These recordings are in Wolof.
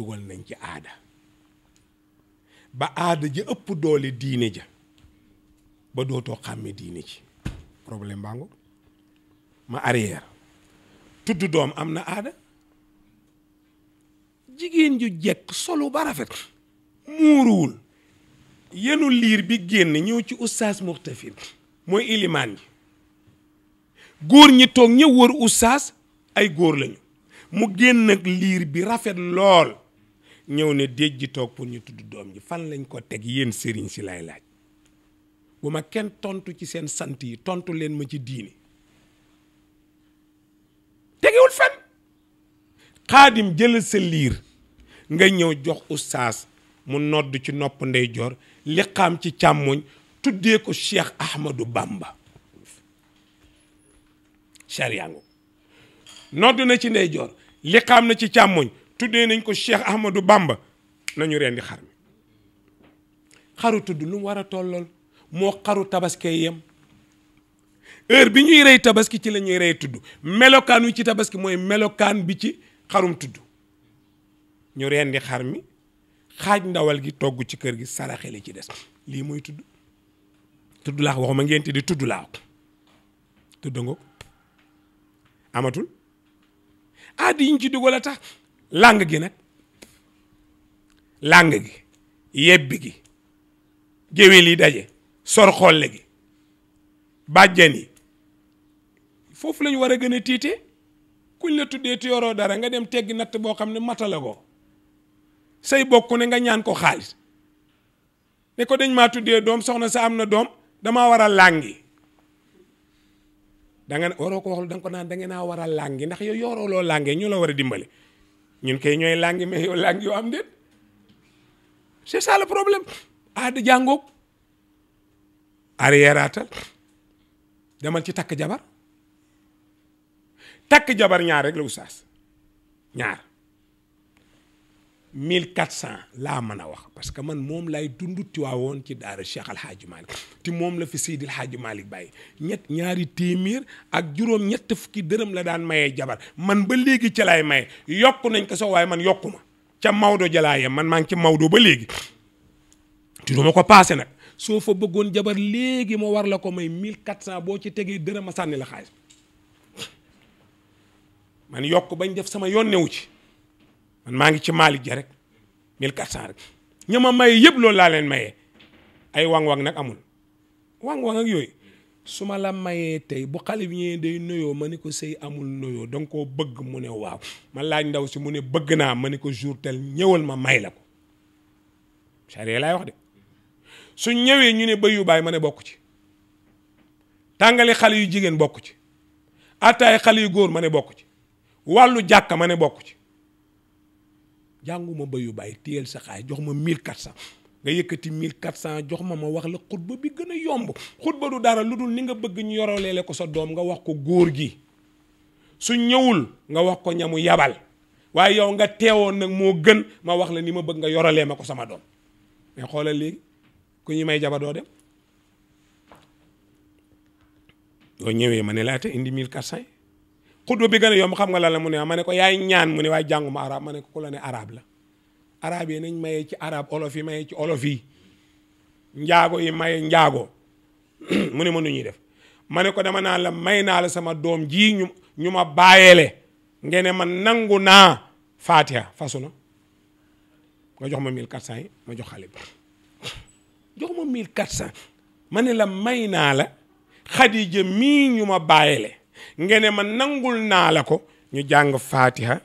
dugal nañ ci aada ba aada ji ëpp doole diine ja ba dootoo xàmme diine ci problème baa ma arrière tudd doom am na aada jigéen ju jekk solo ba rafet muuruwul yenu liir bi génn ñëw ci oustaz muxtafir mooy ilimaan ji góor ñi toog ñëw wër oustaz ay góor lañu mu génn ak liir bi rafet lool ñëw ne déej ji toog pour ñu tudd doom ji fan lañ ko teg yéen sëriñ si lay laaj bu ma kenn tontu ci seen sant yi tontu leen ma ci diini tegewul fen xaadim jëlal sa liir nga ñëw jox ustaas mu nodd ci nopp ndeyjoor liqaam ci càmmooñ tuddee ko Cheikh Ahmadou Bamba chariango nodd na ci ndeyjoor liqaam na ci càmmooñ tuddee nañ ko Cheikh Ahmadou Bamba nañu rendi xar mi xaru tudd lu war a tollool moo xaru tabaskee yem heure bi ñuy rey tabaski ci la ñuy rey tudd melokaan wi ci tabaski mooy melokaan bi ci xarum tudd ñu rendi xar mi xaaj ndawal gi togg ci kër gi saraxe li ci des lii mooy tudd tudd laax ma ngeen di tudd laax tudd nga amatul aadi yiñ ci dugal a tax làng gi nag làng gi yebbi gi géwél yi daje sor xolle gi bàjjen foofu lañu war a gën a tiite kuñ la tuddee ti yoroo dara nga dem teggi natt boo xam ne matala ko say bokk ne nga ñaan ko xaalis ne ko dañ maa tuddee doom soxna sa am na doom damaa war a làngi da nga waroo ko wax da nga ko naan da ngeen naa war a làngi ndax yow yoroo loo làngee ñu la war a dimbale ñun kay ñooy langi mais yow langi yoo am déet c'est a le problème aada jàngoog arriéraatal demal ci takk jabar takk jabar ñaar rek la oustaz ñaar mille quatre cent laa mën a wax parce que man moom lay dund Tiwaawoon ci daara Cheikh Al Hadj Malick te moom la fi Seydil Hadj Malick bàyyi ñett ñaari téeméer ak juróom ñett fukki dërëm la daan mayee jabar man ba léegi ca laay maye yokk nañ ko sax waaye man yokku ma ca Maodo jalaayee man maa ngi ci Maodo ba léegi te du ko paase nag soo bëggoon jabar léegi ma war la ko may mille quatre cent boo ci tegee dërëm a sànni la xaalis man yokk bañ def sama yoon newu ci. maa ngi ci Malick ja rek 1400 rek ña ma maye yëpp loolu laa leen mayee ay wang-wang nag amul wang-wang ak yooyu su ma la mayee tey bu xale bi ñëwee day noyoo ma ni ko sëy amul noyoo danga koo bëgg mu ne waaw ma laaj ndaw si mu ne bëgg naa ma ni ko jour tel ñëwal ma may la ko sariya laay wax de su ñëwee ñu ne ba yu baay ma ne bokk ci tàngali xale yu jigéen bokk ci attaay xale yu góor ma ne bokku ci wàllu jàkka ma ne bokk ci jànguma bayu bàyyi téyel sa xaay jox ma 1400 nga yëkkati 1400 jox ma ma wax la xutba bi gën a yomb xutba du dara lu dul ni nga bëgg ñu yoroleele ko sa doom nga wax ko góor gi su ñëwul nga wax ko ñamu yabal waaye yow nga teewoon nag moo gën ma wax la ni ma bëgg nga yoralee ma ko sama doom mais xoolal léegi ku ñu may jaba doo dem yoo ñëwee ma ne laata indi 1400. xutba bi gën a yomb xam nga la la mu ne ah, mane ko yaay ñaan mu ne waaye jànguma arab ma ko ku araab ne la arab yi nañ mayee ci arab olof yi mayee ci olof yi njaago yi maye njaago mu ne ma nu ñuy def ma ne ko dama naan la may naa la sama doom jii ñu ñu ma bàyyeele ngene man nangu naa fatiha fasu na nga jox ma 1400 yi ma jox xale bi ma ne la may naa la xadija mii ñu ma bàyyele ngeen ne ma nangul naa la ko ñu jàng faatiha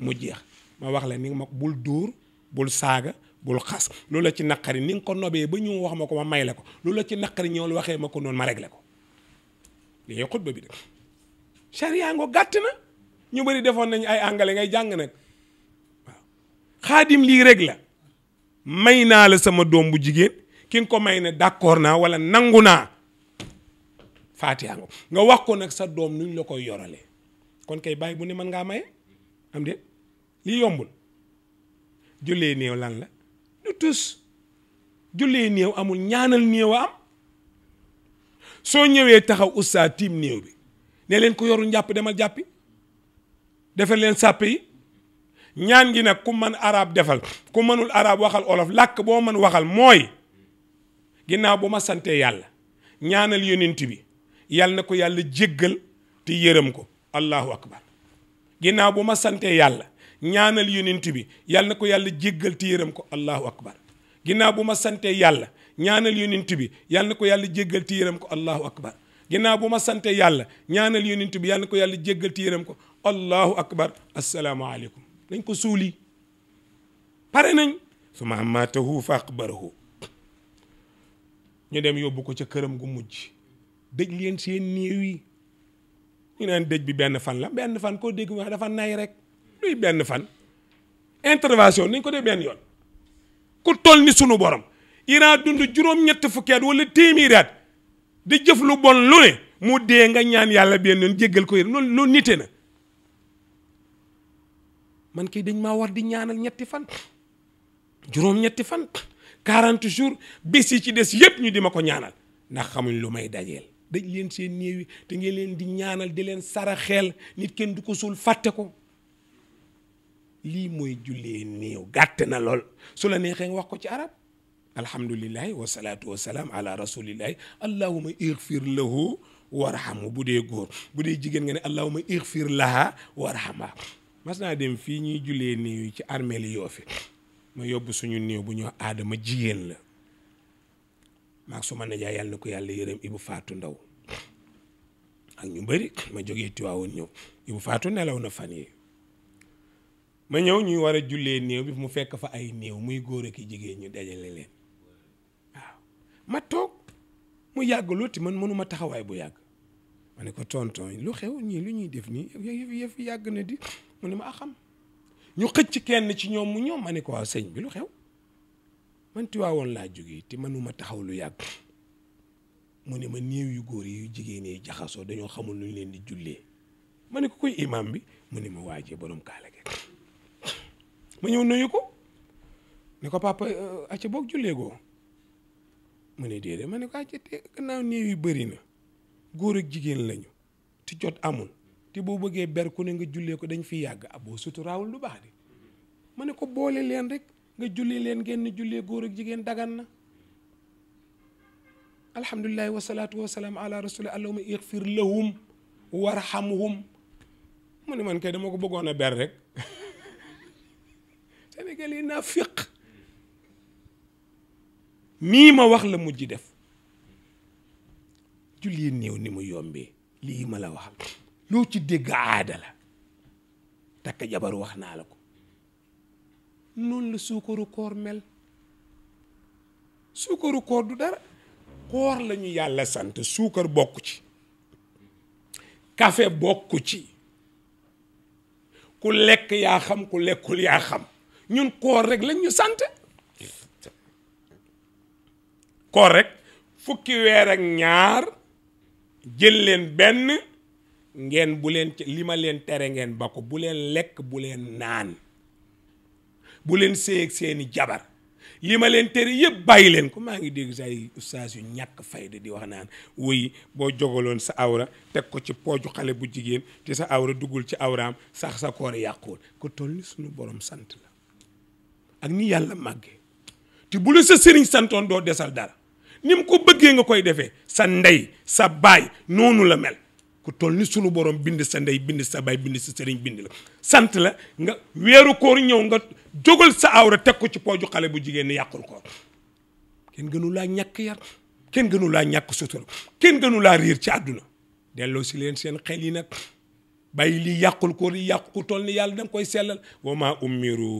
mu jeex ma wax la ni ma bul dóor bul saaga bul xas loolu la ci naqari ni ko nobee ba ñu wax ma ko ma may la ko loolu la ci naqari la waxee ma ko noonu ma réglé ko léegi bi de sariya gàtt na ñu bëri defoon nañu ay angale ngay jàng nag waaw lii rek la may naa la sama doom bu jigéen ki ko may ne d'accord naa wala nangu naa faatiha nga nga wax ko nag sa doom nuñ la koy yorale kon kay bàyyi bu ne mën ngaa maye am de lii yombul jullee néew lan la du tus jullee néew amul ñaanal néew am soo ñëwee taxaw oustaz tiim néew bi ne leen ko yorul njàpp demal jàppi defal leen sàppe yi ñaan gi nag ku man arab defal ku mënul arab waxal olof làkk boo mën waxal mooy ginnaaw bu ma sante yàlla ñaanal yonent bi yàlla na ko yàlla jéggal ti yërëm ko allahu akbar ginnaaw bu ma santee yàlla ñaanal yonent bi yàlla na ko yàlla jéggal te yërëm ko allahu akbar ginnaaw bu ma santee yàlla ñaanal yonent bi yàlla na ko yàlla jéggal te yërëm ko allahu akbar ginnaaw bu ma santee yàlla ñaanal yonent bi yàlla na ko yàlla jéggal te yërëm ko allahu akbar asalaamaaleykum nañ ko suuli pare nañ suma amaatahu fa aqbarahu ñu dem yóbbu ko ci këram gu mujj dëj leen seen néew yi ñu naan dëj bi benn fan la benn fan koo dégg wax dafa nay rek luy benn fan intervention nañ ko def benn yoon ku toll ni sunu borom Iran dund juróom-ñett fukki at wala téeméeri at di jëf lu bon lu ne mu dee nga ñaan yàlla benn yoon jéggal ko yéen loolu loolu nite na man kay dañ maa war di ñaanal ñetti fan juróom-ñetti fan 40 jours bis yi ci des yëpp ñu di ma ko ñaanal ndax xamuñ lu may dajeel dañ leen seen néew yi te ngeen leen di ñaanal di leen sara xel nit kenn du ko suul fàtte ko lii mooy jullee néew gàtt na lool su la neexee nga wax ko ci arab alhamdulillahi wasalaatu wasalaam ala rasulillahi allahuma igfir lahu warhamu bu dee góor bu dee jigéen nga ne allahuma igfir laha warhama mas naa dem fii ñuy jullee néew yi ci armeel yoo ma yóbbu suñu néew bu ñoo aadama jigéen la su ma nijaay yàlla na ko yàlla yërëm Ibou faatu Ndaw ak ñu bari ma jógee Tiwaawoon ñëw Ibou Fatou nelaw na fan yi ma ñëw ñuy war a jullee néew bi mu fekk fa ay néew muy góor ak jigéen ñu dajale leen waaw ma toog mu yàgg looti man mënuma taxawaay bu yàgg ma ne ko tonton lu xew ñii lu ñuy def nii yëf yàgg na di mu ne ma a ah, xam ñu xëcc kenn ci ñoom mu ñoom ma ne ko waaw sëñ bi lu xew man Tiwaawoon laa jógee te ma taxaw lu yàgg mu ne ma néew yu góor yi yu jigéen yi jaxasoo dañoo xamul nu ñu leen di jullee ma ne ko koy imaam bi mu ne ma waajee borom kaala ge ma ñëw nuyu ko ne ko papa euh, acca boog jullee goo mu ne déedéet ma ne ko acca te gannaaw néew yu bari na góor ak jigéen lañu te jot amul te boo bëggee ber ne nga jullee ko dañ fi yàgg ah boo suturaawul lu baax de ma ne ko boole leen rek. nga julli leen ngeen ni jullee góor ak jigéen dagan na alhamdulilahi wasalaatu wasalaam ala rasuli allahuma ixfir lahum warhamhum mu ne man kay dama ko bëggoon a ber rek Sénégal yi naa fiq mii ma wax la mujj def julli néew ni mu yombee lii ma la waxal loo ci dégg aada takk jabar wax naa la ko noonu la suukaru koor mel suukaru koor du dara koor lañu yàlla sant suukar bokku ci kafe bokk ci ku lekk yaa xam ku lekkul yaa xam ñun koor rek lañ sant koor rek fukki weer ak ñaar jël leen benn ngeen bu leen li ma leen tere ngeen ba ko bu leen lekk bu leen naan bu leen see seeni jabar li ma leen tere yëpp bàyyi leen ko maa ngi dégg saa ay ustaas yu ñàkk fayda di wax naan wuy boo jogaloon sa awra teg ko ci pooju xale bu jigéen te sa awra duggul ci awraam sax sa koor yàquwul ko toll ni suñu borom sant la ak ni yàlla màggee te bu la sa sëriñ santoon doo desal dara ni mu ko bëggee nga koy defee sa ndey sa baay noonu la mel ku toll ni sunu borom bind sa ndey bind sa baay bind sa sëriñ bind la sant la nga weeru koor ñëw nga jógal sa awra teg ko ci pooju xale bu jigéen ni yàqul koor kenn gënu laa ñàkk yar kenn gënu laa ñàkk sutura kenn gënu laa riir ci àdduna dello si leen seen xel yi nag bàyyi lii yàqul koor yi yàqu ku ni yàlla da nga koy sellal wa maa ummiru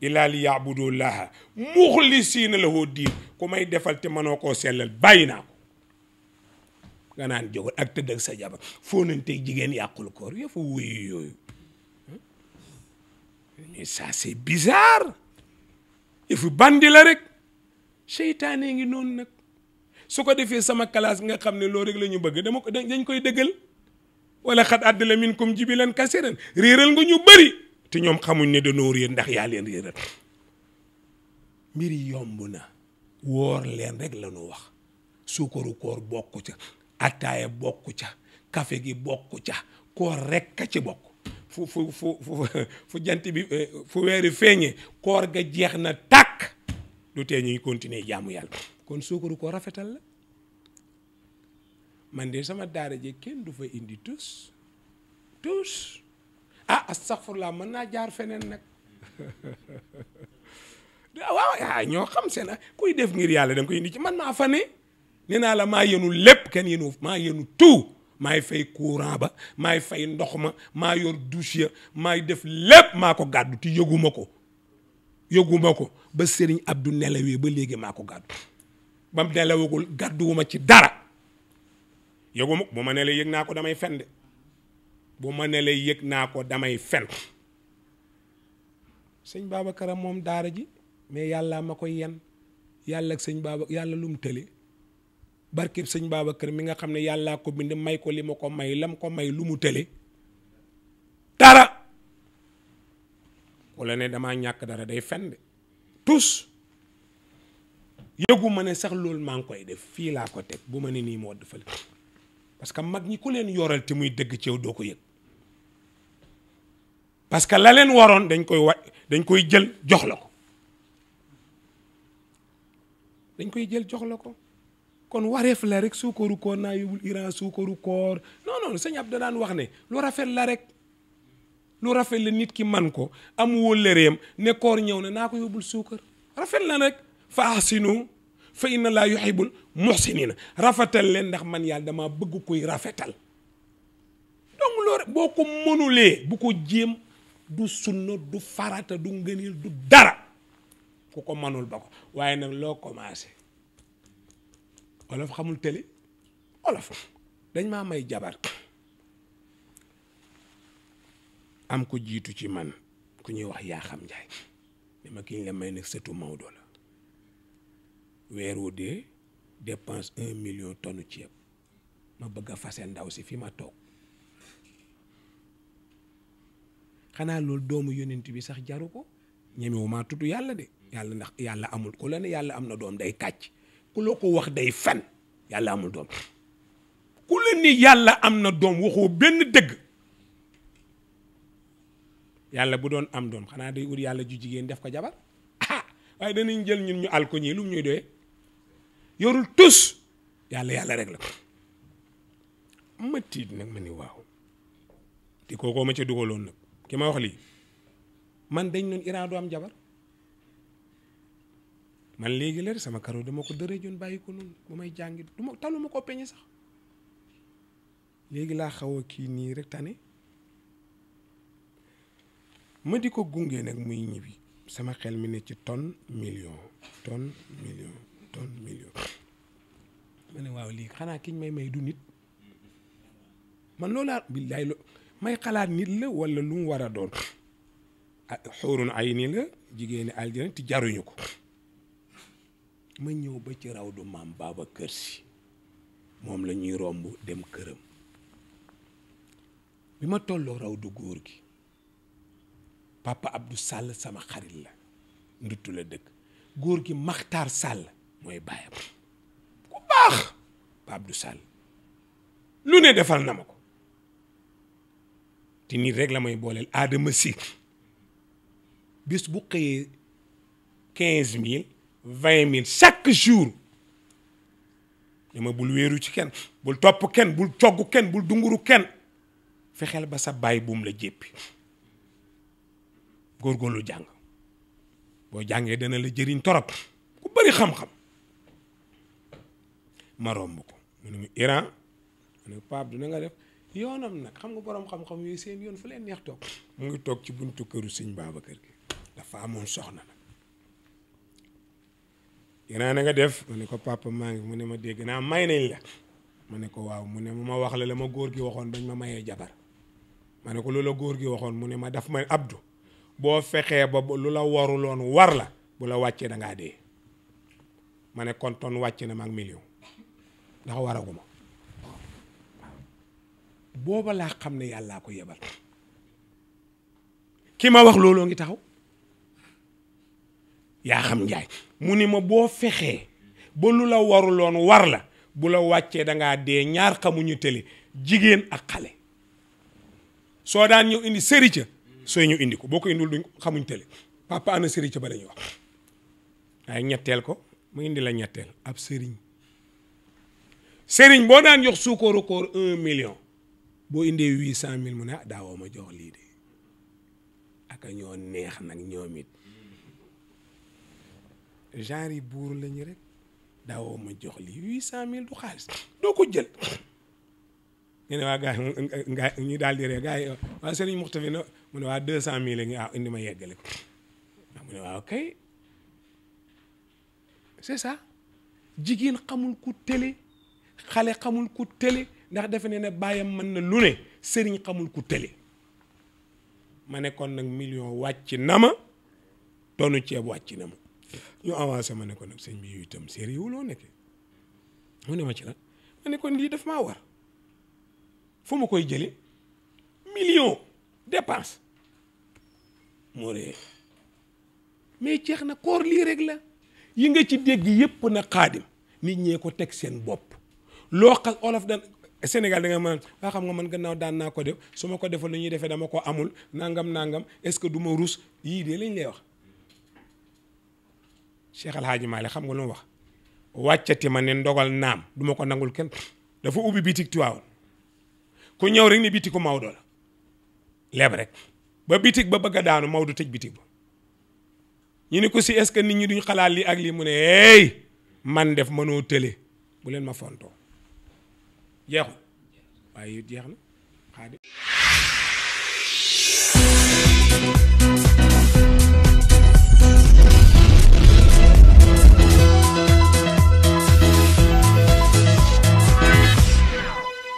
illaa li yaabudu laaha muxlisiina lahu diin ku may defal te mënoo koo sellal bàyyi naa ko nga naan jógal ak tëdd sa jabar foo nañ tey jigéen yàqul koor yëfu wuyu yooyu mais ça c'est bizarre yëfu bandi la rek seytaane ngi noonu nag su ko defee sama classe nga xam ne loolu rek la ñu bëgg dama ko dañ koy dëggal wala xat àddala minkum jibilan kasiran réeral nga ñu bëri te ñoom xamuñ ne dañoo réer ndax yaa leen réeral mbiri yomb na woor leen rek la ñu wax suukaru koor bokk ca attaaya bokk ca café gi bokk ca koor rek ka ci bokk fu fu fu fu jant bi eh, fu weeri feeñe koor ga jeex na tàkk du tee ñuy continuer jaamu yàlla kon suukaru ko rafetal la man de sama daara ji kenn du fa indi tus tus ah astaghfirullah mën naa jaar feneen nag ah, waaw ah, ñoo xam seen ah, kuy def ngir yàlla da nga koy indi ci man naa fa ne nee naa la maa yenu lépp kenn yenu maa yenu tout maay fay courant ba maay fay ndox ma maa yor douche maay def lépp maa ko gàddu te yëguma ko yëguma ko ba sëriñ Abdou nelawee ba léegi maako ko gàddu ba mu nelawagul gàdduwuma ci dara yëguma bu ma nelee yëg naa ko damay fen de bu ma naa ko damay fen sëñ Babacar moom daara ji mais yàlla ma ko yen yàlla ak sëñ Babacar yàlla lu mu barkeb sëñ kër mi nga xam ne yàllaa ko bind may ko li ma ko may lam ko may lu mu tële dara wala ne damaa ñàkk dara day fen de tous yëgu ma ne sax loolu maa ngi koy def fii laa ko teg bu ma ne nii moo defal parce que mag ñi ku leen yoral te muy dëgg ci doo ko yëg parce que la leen waroon dañ koy wa dañ koy jël jox la ko dañ koy jël jox la ko kon wareef la rek suukaru koor naa yóbbul Iran suukaru koor non non sëñ Abdou daan wax ne lu rafet la rek lu rafet la nit ki man ko am wóllëreem ne ñëw na naa ko yóbbul suukar rafet la rek fa ahsinu fa inna laa yuhibbul muhsinin rafetal leen ndax man yàlla dama bëgg koy rafetal donc loolu boo ko mënulee bu ko jéem du sunna du farata du ngënil du dara ku ko mënul ba ko waaye nag loo commencé olof xamul télé olof dañ maa may jabar am ko jiitu ci man ku ñuy wax yaa xam njaay ne ma kiñ la may nekk sëtu Maodo la weer wu dee un million tonne ceeb ma bëgg a fase ndaw si fi ma toog xanaa loolu doomu yonent bi sax jaru ko ñemewu maa tudd yàlla de yàlla ndax yàlla amul ku la ne yàlla am na doom day kàcc ku la ko wax day fen yàlla amul doom ku la ni yàlla am na doom waxoo benn dëgg yàlla bu doon am doom xanaa day ut yàlla ju jigéen def ko jabar ah waaye danañ jël ñun ñu alko ko ñii lu ñuy doyee yorul tus yàlla yàlla rek la ma tiit nag ma ni waaw ti kookoo ma ca dugaloon nag ki ma wax lii man dañ noon iraado am jabar man léegi leer sama karaw dama ko dërëjoon bàyyi ko noonu ba may jàngi du ma taluma koo peñe sax léegi laa xaw a kii nii rek tane ma di ko gunge nag muy ñibbi sama xel mi ne ci tonne million tonne million tonne million ma ne waaw lii xanaa kiñ may may du nit man loolaa billaay lo may xalaat nit la walla lu mu war a doon ah, xóorun ay nii la jigéeni aljana ti jaruñu ko ma ñëw ba ci raw du maam baaba kër si moom la ñuy romb dem këram bi ma tolloo raw du góor gi papa Abdou sàll sama xarit la nduttu la dëkk góor gi Maxtaar sàll mooy baayam ku baax papa Abdou Sall lu ne defal na ma ko te nit rek la may booleel aadama si bis bu xëyee quinze mille vingt mille chaque jour dama bul wéeru ci kenn bul topp kenn bul cogg kenn bul dunguru kenn fexeel ba sa baay buum la jéppi góorgóorlu jàng boo jàngee dana la jëriñ torop ku bari xam-xam ma romb ko mu ne mu Iran mu ne Pape dina nga def yoonam nag xam nga boroom xam-xam yooyu seen yoon fu leen neex toog mu ngi toog ci buntu këru sëñ kër gi dafa amoon soxna nag Iran na nga def ma ne ko papa maa ngi mu ne ma dégg naa may nañ la ma ne ko waaw mu ne ma wax la la ma góor gi waxoon bañ ma mayee jabar ma ne ko lu la góor gi waxoon mu ne ma daf may abdu boo fexee ba lu la waruloon war la bu la wàccee da dee ma ne kon ton wàcce na ma ak million ndax waragu ma booba laa xam ne yàllaa ko yebal ki ma wax looloo ngi taxaw yaa xam njaay mu ni ma boo fexee ba lu la waruloon war la bu la wàccee da ngaa dee ñaar xamuñu tële jigéen ak xale soo daan ñëw indi sëri ca sooy ñëw indi ko boo ko indul duñ xamuñ tële papa ana sëri ca ba la wax waaye ñetteel ko mu indi la ñetteel ab sëriñ sëriñ boo daan jox suukooru koor un million boo indee huit cent mille mu ne ah, daawoo ma jox lii de ak ñoo neex nag ñoom genre yi buur la ñu rek daawoo ma jox lii huit cent mille du xaalis doo ko jël ñu ne waa gars yi ñu daal di ree gars yi waa Serigne Moustapha na mu ne waa deux cent mille la ñu ah indi ma yeggale ko waaw mu ne waa ok c'est ça jigéen xamul ku télé xale xamul ku télé ndax defe ne ne bàyyam mën na lu ne Serigne xamul ku télé ma nekkoon nag million wàcc na ma tonu ceeb wàcc na ma ñu avancé ma ne ko nag sëñ bi yu itam séeréer wu loo nekkee mu ne ma ci nag ma ne kon lii daf maa war fu ma koy jëlee million dépense moo ree mais ceex na koor lii rek la yi nga ci dégg yépp na xaadim nit ñee ko teg seen bopp loo xas olof dan Sénégal da nga mën waa xam nga man gannaaw daan naa ko def su ma ko defal lu ñuy defee dama ko amul nangam nangam est-ce que du ma rus yii de lañ lay wax Cheikh El Hadj xam nga lu mu wax wàccati ma ne ndogal naam duma ko nangul kenn dafa ubbi bitik Tiwaawan ku ñëw rek ni bitiku Maodo la leeb rek ba bitik ba bëgg a daanu Maodo tëj bitik ba ñu ne ko si est-ce que nit ñi duñ xalaat lii ak lii mu ne hey man def mënoo tële bu leen ma fontoo jeexul waaye it jeex na